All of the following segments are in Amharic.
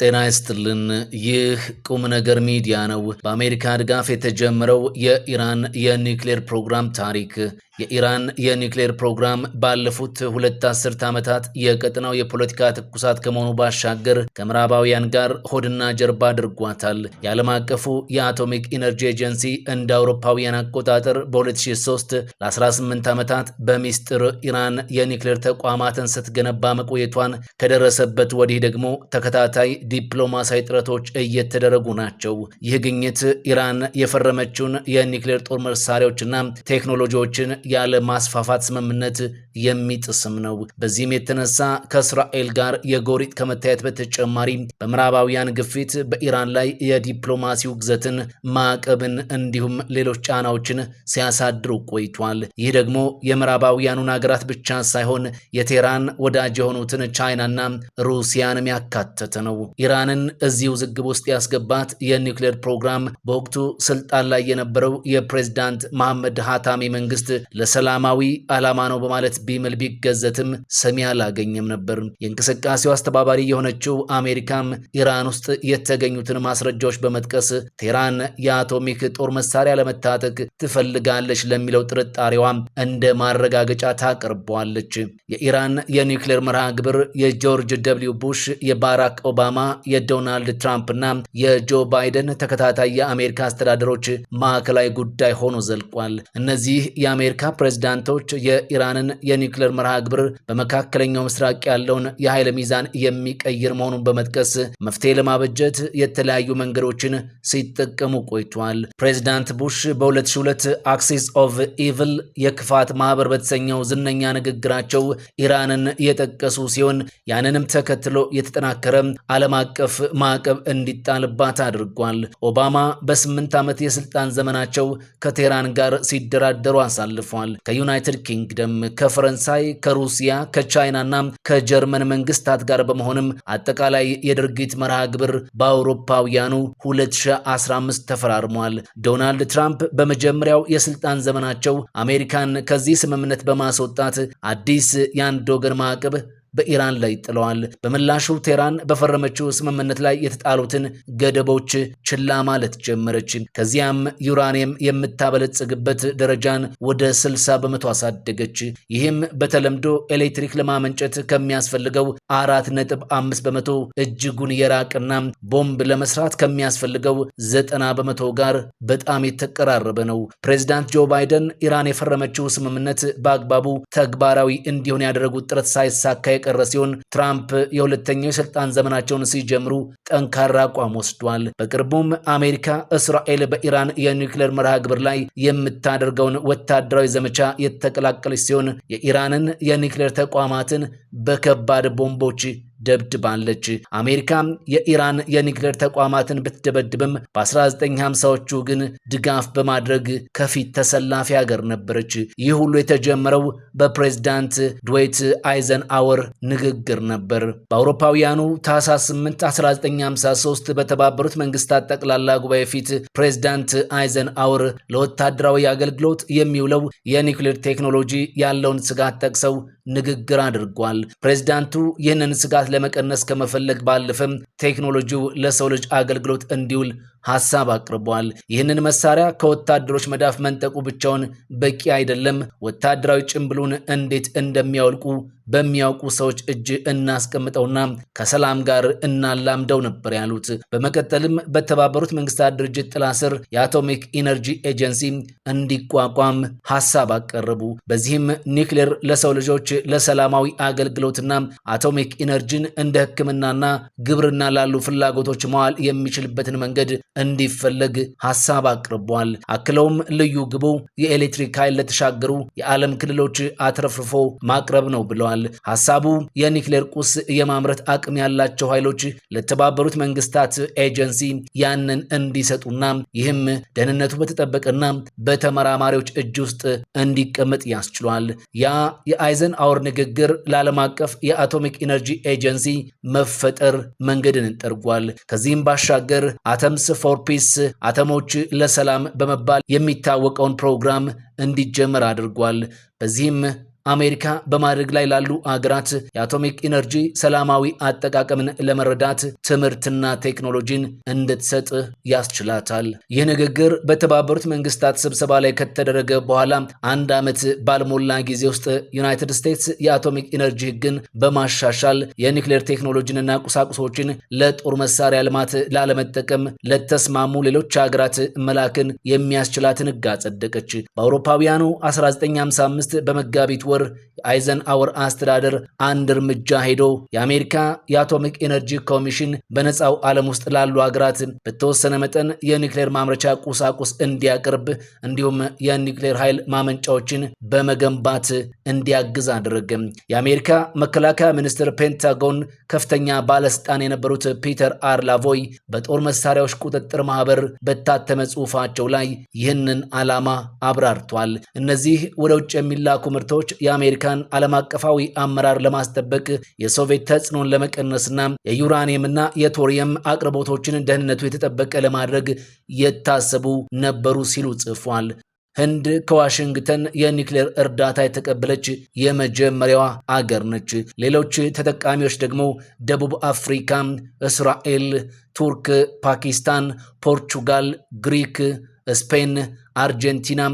ጤና ይስጥልን። ይህ ቁም ነገር ሚዲያ ነው። በአሜሪካ ድጋፍ የተጀመረው የኢራን የኒውክሌር ፕሮግራም ታሪክ የኢራን የኒውክሌር ፕሮግራም ባለፉት ሁለት አስርት ዓመታት የቀጠናው የፖለቲካ ትኩሳት ከመሆኑ ባሻገር ከምዕራባውያን ጋር ሆድና ጀርባ አድርጓታል። የዓለም አቀፉ የአቶሚክ ኢነርጂ ኤጀንሲ እንደ አውሮፓውያን አቆጣጠር በ2003 ለ18 ዓመታት በሚስጥር ኢራን የኒውክሌር ተቋማትን ስትገነባ መቆየቷን ከደረሰበት ወዲህ ደግሞ ተከታታይ ዲፕሎማሲያዊ ጥረቶች እየተደረጉ ናቸው። ይህ ግኝት ኢራን የፈረመችውን የኒውክሌር ጦር መሳሪያዎችና ቴክኖሎጂዎችን ያለ ማስፋፋት ስምምነት የሚጥስም ነው። በዚህም የተነሳ ከእስራኤል ጋር የጎሪጥ ከመታየት በተጨማሪ በምዕራባውያን ግፊት በኢራን ላይ የዲፕሎማሲ ውግዘትን፣ ማዕቀብን እንዲሁም ሌሎች ጫናዎችን ሲያሳድሩ ቆይቷል። ይህ ደግሞ የምዕራባውያኑን ሀገራት ብቻ ሳይሆን የቴህራን ወዳጅ የሆኑትን ቻይናና ሩሲያንም ያካተተ ነው። ኢራንን እዚህ ውዝግብ ውስጥ ያስገባት የኒውክሌር ፕሮግራም በወቅቱ ስልጣን ላይ የነበረው የፕሬዝዳንት መሐመድ ሀታሚ መንግስት ለሰላማዊ ዓላማ ነው በማለት ቢምል ቢገዘትም ሰሚ አላገኘም ነበር። የእንቅስቃሴው አስተባባሪ የሆነችው አሜሪካም ኢራን ውስጥ የተገኙትን ማስረጃዎች በመጥቀስ ቴህራን የአቶሚክ ጦር መሳሪያ ለመታጠቅ ትፈልጋለች ለሚለው ጥርጣሬዋ እንደ ማረጋገጫ ታቀርበዋለች። የኢራን የኒውክሌር መርሃ ግብር የጆርጅ ደብሊው ቡሽ፣ የባራክ ኦባማ፣ የዶናልድ ትራምፕ እና የጆ ባይደን ተከታታይ የአሜሪካ አስተዳደሮች ማዕከላዊ ጉዳይ ሆኖ ዘልቋል። እነዚህ የአሜሪካ የአሜሪካ ፕሬዝዳንቶች የኢራንን የኒውክሌር መርሃ ግብር በመካከለኛው ምስራቅ ያለውን የኃይል ሚዛን የሚቀይር መሆኑን በመጥቀስ መፍትሄ ለማበጀት የተለያዩ መንገዶችን ሲጠቀሙ ቆይቷል። ፕሬዝዳንት ቡሽ በ2002 አክሲስ ኦፍ ኢቭል የክፋት ማህበር በተሰኘው ዝነኛ ንግግራቸው ኢራንን የጠቀሱ ሲሆን ያንንም ተከትሎ የተጠናከረ ዓለም አቀፍ ማዕቀብ እንዲጣልባት አድርጓል። ኦባማ በስምንት ዓመት የስልጣን ዘመናቸው ከቴህራን ጋር ሲደራደሩ አሳልፈዋል። አሳልፏል። ከዩናይትድ ኪንግደም፣ ከፈረንሳይ፣ ከሩሲያ፣ ከቻይናና ከጀርመን መንግስታት ጋር በመሆንም አጠቃላይ የድርጊት መርሃ ግብር በአውሮፓውያኑ 2015 ተፈራርሟል። ዶናልድ ትራምፕ በመጀመሪያው የስልጣን ዘመናቸው አሜሪካን ከዚህ ስምምነት በማስወጣት አዲስ የአንድ ወገን ማዕቀብ በኢራን ላይ ጥለዋል። በምላሹ ቴህራን በፈረመችው ስምምነት ላይ የተጣሉትን ገደቦች ችላ ማለት ጀመረች። ከዚያም ዩራኒየም የምታበለጽግበት ደረጃን ወደ 60 በመቶ አሳደገች። ይህም በተለምዶ ኤሌክትሪክ ለማመንጨት ከሚያስፈልገው አራት ነጥብ አምስት በመቶ እጅጉን የራቅና ቦምብ ለመስራት ከሚያስፈልገው ዘጠና በመቶ ጋር በጣም የተቀራረበ ነው። ፕሬዚዳንት ጆ ባይደን ኢራን የፈረመችው ስምምነት በአግባቡ ተግባራዊ እንዲሆን ያደረጉት ጥረት ሳይሳካ የቀረ ሲሆን ትራምፕ የሁለተኛው የስልጣን ዘመናቸውን ሲጀምሩ ጠንካራ አቋም ወስዷል። በቅርቡም አሜሪካ እስራኤል በኢራን የኒውክሌር መርሃ ግብር ላይ የምታደርገውን ወታደራዊ ዘመቻ የተቀላቀለች ሲሆን የኢራንን የኒውክሌር ተቋማትን በከባድ ቦምቦች ደብድባለች። አሜሪካ የኢራን የኒክሌር ተቋማትን ብትደበድብም በ1950ዎቹ ግን ድጋፍ በማድረግ ከፊት ተሰላፊ ሀገር ነበረች። ይህ ሁሉ የተጀመረው በፕሬዝዳንት ድዌት አይዘን አወር ንግግር ነበር። በአውሮፓውያኑ ታህሳስ 8 1953 በተባበሩት መንግስታት ጠቅላላ ጉባኤ ፊት ፕሬዝዳንት አይዘን አወር ለወታደራዊ አገልግሎት የሚውለው የኒክሌር ቴክኖሎጂ ያለውን ስጋት ጠቅሰው ንግግር አድርጓል። ፕሬዚዳንቱ ይህንን ስጋት ለመቀነስ ከመፈለግ ባለፈም ቴክኖሎጂው ለሰው ልጅ አገልግሎት እንዲውል ሐሳብ አቅርቧል። ይህንን መሳሪያ ከወታደሮች መዳፍ መንጠቁ ብቻውን በቂ አይደለም። ወታደራዊ ጭምብሉን እንዴት እንደሚያወልቁ በሚያውቁ ሰዎች እጅ እናስቀምጠውና ከሰላም ጋር እናላምደው ነበር ያሉት። በመቀጠልም በተባበሩት መንግስታት ድርጅት ጥላ ስር የአቶሚክ ኢነርጂ ኤጀንሲ እንዲቋቋም ሐሳብ አቀረቡ። በዚህም ኒክሌር ለሰው ልጆች ለሰላማዊ አገልግሎትና አቶሚክ ኢነርጂን እንደ ሕክምናና ግብርና ላሉ ፍላጎቶች መዋል የሚችልበትን መንገድ እንዲፈለግ ሀሳብ አቅርቧል። አክለውም ልዩ ግቡ የኤሌክትሪክ ኃይል ለተሻገሩ የዓለም ክልሎች አትረፍርፎ ማቅረብ ነው ብለዋል። ሀሳቡ የኒክሌር ቁስ የማምረት አቅም ያላቸው ኃይሎች ለተባበሩት መንግስታት ኤጀንሲ ያንን እንዲሰጡና ይህም ደህንነቱ በተጠበቀና በተመራማሪዎች እጅ ውስጥ እንዲቀመጥ ያስችሏል። ያ የአይዘን አወር ንግግር ለዓለም አቀፍ የአቶሚክ ኢነርጂ ኤጀንሲ መፈጠር መንገድን ጠርጓል። ከዚህም ባሻገር አተምስ ፎር ፒስ አተሞች ለሰላም በመባል የሚታወቀውን ፕሮግራም እንዲጀመር አድርጓል። በዚህም አሜሪካ በማድረግ ላይ ላሉ አገራት የአቶሚክ ኢነርጂ ሰላማዊ አጠቃቀምን ለመረዳት ትምህርትና ቴክኖሎጂን እንድትሰጥ ያስችላታል። ይህ ንግግር በተባበሩት መንግስታት ስብሰባ ላይ ከተደረገ በኋላ አንድ ዓመት ባልሞላ ጊዜ ውስጥ ዩናይትድ ስቴትስ የአቶሚክ ኢነርጂ ሕግን በማሻሻል የኒክሌር ቴክኖሎጂንና ቁሳቁሶችን ለጦር መሳሪያ ልማት ላለመጠቀም ለተስማሙ ሌሎች ሀገራት መላክን የሚያስችላትን ሕግ አጸደቀች። በአውሮፓውያኑ 1955 በመጋቢት ወር የአይዘን አወር አስተዳደር አንድ እርምጃ ሄዶ የአሜሪካ የአቶሚክ ኤነርጂ ኮሚሽን በነፃው ዓለም ውስጥ ላሉ ሀገራት በተወሰነ መጠን የኒክሌር ማምረቻ ቁሳቁስ እንዲያቀርብ እንዲሁም የኒክሌር ኃይል ማመንጫዎችን በመገንባት እንዲያግዝ አደረገ። የአሜሪካ መከላከያ ሚኒስትር ፔንታጎን ከፍተኛ ባለስልጣን የነበሩት ፒተር አር ላቮይ በጦር መሳሪያዎች ቁጥጥር ማህበር በታተመ ጽሑፋቸው ላይ ይህንን ዓላማ አብራርቷል። እነዚህ ወደ ውጭ የሚላኩ ምርቶች የአሜሪካን ዓለም አቀፋዊ አመራር ለማስጠበቅ የሶቪየት ተጽዕኖን ለመቀነስና የዩራኒየምና የቶሪየም አቅርቦቶችን ደህንነቱ የተጠበቀ ለማድረግ የታሰቡ ነበሩ ሲሉ ጽፏል። ህንድ ከዋሽንግተን የኒክሌር እርዳታ የተቀበለች የመጀመሪያዋ አገር ነች። ሌሎች ተጠቃሚዎች ደግሞ ደቡብ አፍሪካ፣ እስራኤል፣ ቱርክ፣ ፓኪስታን፣ ፖርቹጋል፣ ግሪክ፣ ስፔን፣ አርጀንቲና፣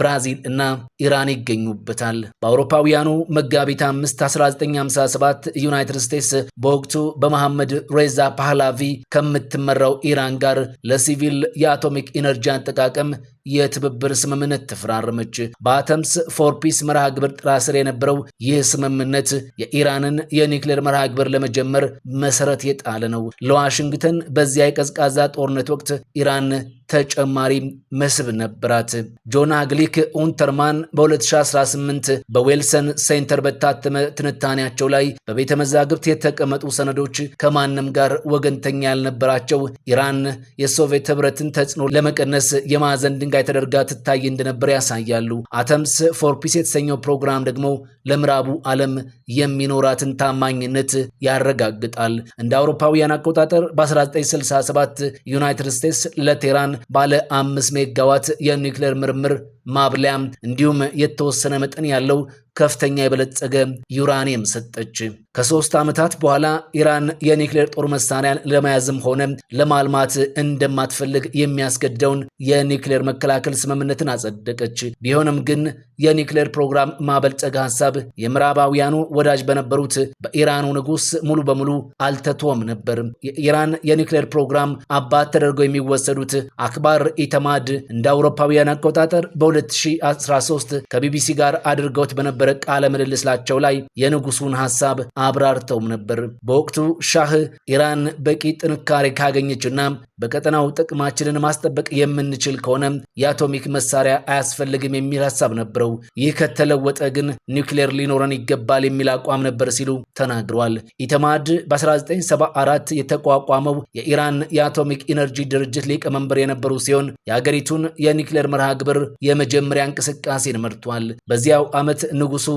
ብራዚል እና ኢራን ይገኙበታል። በአውሮፓውያኑ መጋቢት 5 1957 ዩናይትድ ስቴትስ በወቅቱ በመሐመድ ሬዛ ፓህላቪ ከምትመራው ኢራን ጋር ለሲቪል የአቶሚክ ኢነርጂ አጠቃቀም የትብብር ስምምነት ተፈራረመች። በአተምስ ፎር ፒስ መርሃ ግብር ጥላ ስር የነበረው ይህ ስምምነት የኢራንን የኒክሌር መርሃ ግብር ለመጀመር መሰረት የጣለ ነው። ለዋሽንግተን በዚያ የቀዝቃዛ ጦርነት ወቅት ኢራን ተጨማሪ መስህብ ነበራት። ጆን ግሊክ ኡንተርማን በ2018 በዌልሰን ሴንተር በታተመ ትንታኔያቸው ላይ በቤተ መዛግብት የተቀመጡ ሰነዶች ከማንም ጋር ወገንተኛ ያልነበራቸው ኢራን የሶቪየት ህብረትን ተጽዕኖ ለመቀነስ የማዕዘን ድንጋይ ተደርጋ ትታይ እንደነበር ያሳያሉ። አተምስ ፎር ፒስ የተሰኘው ፕሮግራም ደግሞ ለምዕራቡ ዓለም የሚኖራትን ታማኝነት ያረጋግጣል። እንደ አውሮፓውያን አቆጣጠር በ1967 ዩናይትድ ስቴትስ ለቴራን ባለ አምስት ሜጋዋት የኒውክሌር ምርምር ማብለያ እንዲሁም የተወሰነ መጠን ያለው ከፍተኛ የበለጸገ ዩራኒየም ሰጠች። ከሶስት ዓመታት በኋላ ኢራን የኒክሌር ጦር መሳሪያን ለመያዝም ሆነ ለማልማት እንደማትፈልግ የሚያስገድደውን የኒክሌር መከላከል ስምምነትን አጸደቀች። ቢሆንም ግን የኒክሌር ፕሮግራም ማበልጸግ ሀሳብ የምዕራባውያኑ ወዳጅ በነበሩት በኢራኑ ንጉሥ ሙሉ በሙሉ አልተቶም ነበር። የኢራን የኒክሌር ፕሮግራም አባት ተደርገው የሚወሰዱት አክባር ኢተማድ እንደ አውሮፓውያን አቆጣጠር በ2013 ከቢቢሲ ጋር አድርገውት በነበረ ቃለ ምልልስላቸው ላይ የንጉሱን ሀሳብ አብራርተውም ነበር። በወቅቱ ሻህ ኢራን በቂ ጥንካሬ ካገኘችና በቀጠናው ጥቅማችንን ማስጠበቅ የምንችል ከሆነ የአቶሚክ መሳሪያ አያስፈልግም የሚል ሀሳብ ነበረው። ይህ ከተለወጠ ግን ኒውክሌር ሊኖረን ይገባል የሚል አቋም ነበር ሲሉ ተናግረዋል። ኢተማድ በ1974 የተቋቋመው የኢራን የአቶሚክ ኢነርጂ ድርጅት ሊቀመንበር የነበሩ ሲሆን የአገሪቱን የኒውክሌር መርሃ ግብር የመጀመሪያ እንቅስቃሴን መርቷል። በዚያው ዓመት ንጉሱ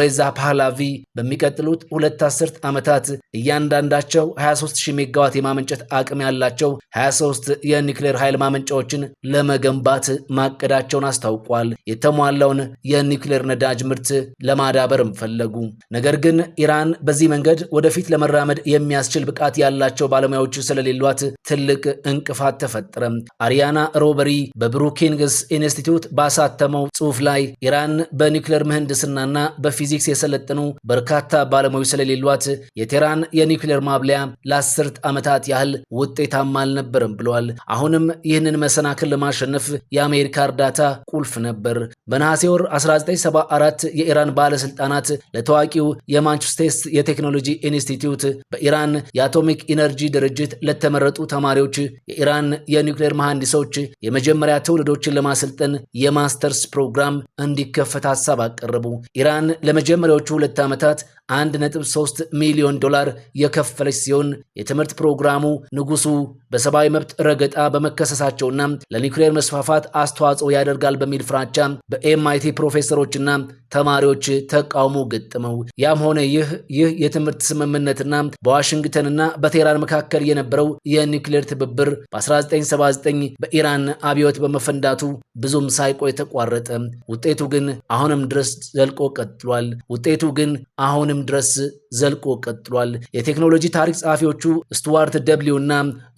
ሬዛ ፓህላቪ በሚቀጥሉት ሁለት አስርት ዓመታት እያንዳንዳቸው 23000 ሜጋዋት የማመንጨት አቅም ያላቸው 23 የኒክሌር ኃይል ማመንጫዎችን ለመገንባት ማቀዳቸውን አስታውቋል። የተሟላውን የኒክሌር ነዳጅ ምርት ለማዳበርም ፈለጉ። ነገር ግን ኢራን በዚህ መንገድ ወደፊት ለመራመድ የሚያስችል ብቃት ያላቸው ባለሙያዎች ስለሌሏት ትልቅ እንቅፋት ተፈጠረ። አሪያና ሮበሪ በብሩኪንግስ ኢንስቲትዩት ባሳተመው ጽሑፍ ላይ ኢራን በኒክሌር ምህንድስናና በፊዚክስ የሰለጠኑ በርካታ ባለሙያዎች ስለሌሏት የቴራን የኒክሌር ማብለያ ለአስርት ዓመታት ያህል ውጤታማ አልነበ አልነበረም ብለዋል። አሁንም ይህንን መሰናክል ለማሸነፍ የአሜሪካ እርዳታ ቁልፍ ነበር። በነሐሴ ወር 1974 የኢራን ባለስልጣናት ለታዋቂው የማንቸስተር የቴክኖሎጂ ኢንስቲትዩት በኢራን የአቶሚክ ኢነርጂ ድርጅት ለተመረጡ ተማሪዎች የኢራን የኒውክሌር መሐንዲሶች የመጀመሪያ ትውልዶችን ለማሰልጠን የማስተርስ ፕሮግራም እንዲከፈት ሀሳብ አቀረቡ። ኢራን ለመጀመሪያዎቹ ሁለት ዓመታት 1.3 ሚሊዮን ዶላር የከፈለች ሲሆን የትምህርት ፕሮግራሙ ንጉሱ በሰባ በሰብአዊ መብት ረገጣ በመከሰሳቸውና ለኒውክሌር መስፋፋት አስተዋጽኦ ያደርጋል በሚል ፍራቻ በኤምአይቲ ፕሮፌሰሮችና ተማሪዎች ተቃውሞ ገጥመው ያም ሆነ ይህ ይህ የትምህርት ስምምነትና በዋሽንግተንና በቴህራን መካከል የነበረው የኒውክሌር ትብብር በ1979 በኢራን አብዮት በመፈንዳቱ ብዙም ሳይቆይ ተቋረጠ። ውጤቱ ግን አሁንም ድረስ ዘልቆ ቀጥሏል። ውጤቱ ግን አሁንም ድረስ ዘልቆ ቀጥሏል። የቴክኖሎጂ ታሪክ ጸሐፊዎቹ ስቱዋርት ደብሊው እና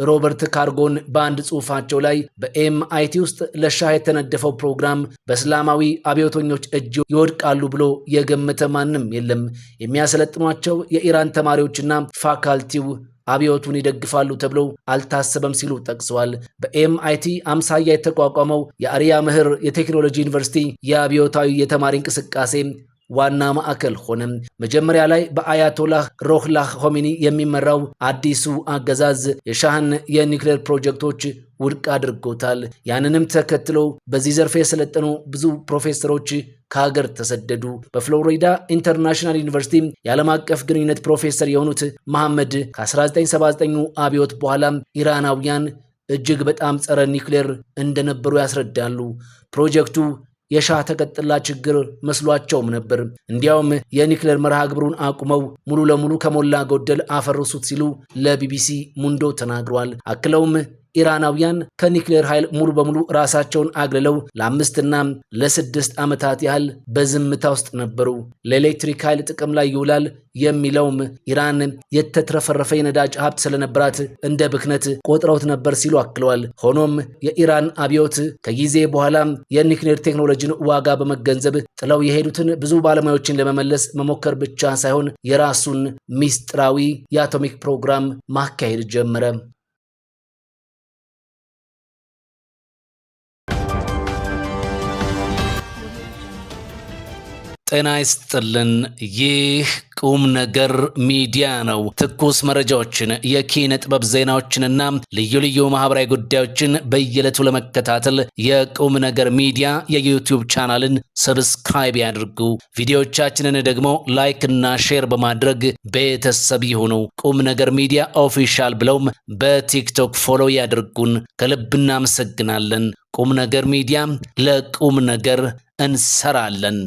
ሮበርት ካርጎን በአንድ ጽሑፋቸው ላይ በኤምአይቲ ውስጥ ለሻህ የተነደፈው ፕሮግራም በእስላማዊ አብዮተኞች እጅ ይወድቃሉ ብሎ የገመተ ማንም የለም። የሚያሰለጥኗቸው የኢራን ተማሪዎችና ፋካልቲው አብዮቱን ይደግፋሉ ተብሎ አልታሰበም ሲሉ ጠቅሰዋል። በኤምአይቲ አምሳያ የተቋቋመው የአርያ ምህር የቴክኖሎጂ ዩኒቨርሲቲ የአብዮታዊ የተማሪ እንቅስቃሴ ዋና ማዕከል ሆነ። መጀመሪያ ላይ በአያቶላህ ሮህላህ ሆሚኒ የሚመራው አዲሱ አገዛዝ የሻህን የኒውክሌር ፕሮጀክቶች ውድቅ አድርጎታል። ያንንም ተከትሎ በዚህ ዘርፍ የሰለጠኑ ብዙ ፕሮፌሰሮች ከሀገር ተሰደዱ። በፍሎሪዳ ኢንተርናሽናል ዩኒቨርሲቲ የዓለም አቀፍ ግንኙነት ፕሮፌሰር የሆኑት መሐመድ ከ1979 አብዮት በኋላም ኢራናውያን እጅግ በጣም ጸረ ኒውክሌር እንደነበሩ ያስረዳሉ። ፕሮጀክቱ የሻህ ተቀጥላ ችግር መስሏቸውም ነበር። እንዲያውም የኒክለር መርሃ ግብሩን አቁመው ሙሉ ለሙሉ ከሞላ ጎደል አፈርሱት ሲሉ ለቢቢሲ ሙንዶ ተናግሯል። አክለውም ኢራናውያን ከኒክሌር ኃይል ሙሉ በሙሉ ራሳቸውን አግልለው ለአምስትና ለስድስት ዓመታት ያህል በዝምታ ውስጥ ነበሩ። ለኤሌክትሪክ ኃይል ጥቅም ላይ ይውላል የሚለውም ኢራን የተትረፈረፈ የነዳጅ ሀብት ስለነበራት እንደ ብክነት ቆጥረውት ነበር ሲሉ አክለዋል። ሆኖም የኢራን አብዮት ከጊዜ በኋላ የኒክሌር ቴክኖሎጂን ዋጋ በመገንዘብ ጥለው የሄዱትን ብዙ ባለሙያዎችን ለመመለስ መሞከር ብቻ ሳይሆን የራሱን ሚስጥራዊ የአቶሚክ ፕሮግራም ማካሄድ ጀመረ። ጤና ይስጥልን። ይህ ቁም ነገር ሚዲያ ነው። ትኩስ መረጃዎችን፣ የኪነ ጥበብ ዜናዎችንና ልዩ ልዩ ማህበራዊ ጉዳዮችን በየዕለቱ ለመከታተል የቁም ነገር ሚዲያ የዩቲዩብ ቻናልን ሰብስክራይብ ያድርጉ። ቪዲዮዎቻችንን ደግሞ ላይክ እና ሼር በማድረግ ቤተሰብ ይሁኑ። ቁም ነገር ሚዲያ ኦፊሻል ብለውም በቲክቶክ ፎሎ ያድርጉን። ከልብ እናመሰግናለን። ቁም ነገር ሚዲያ ለቁም ነገር እንሰራለን።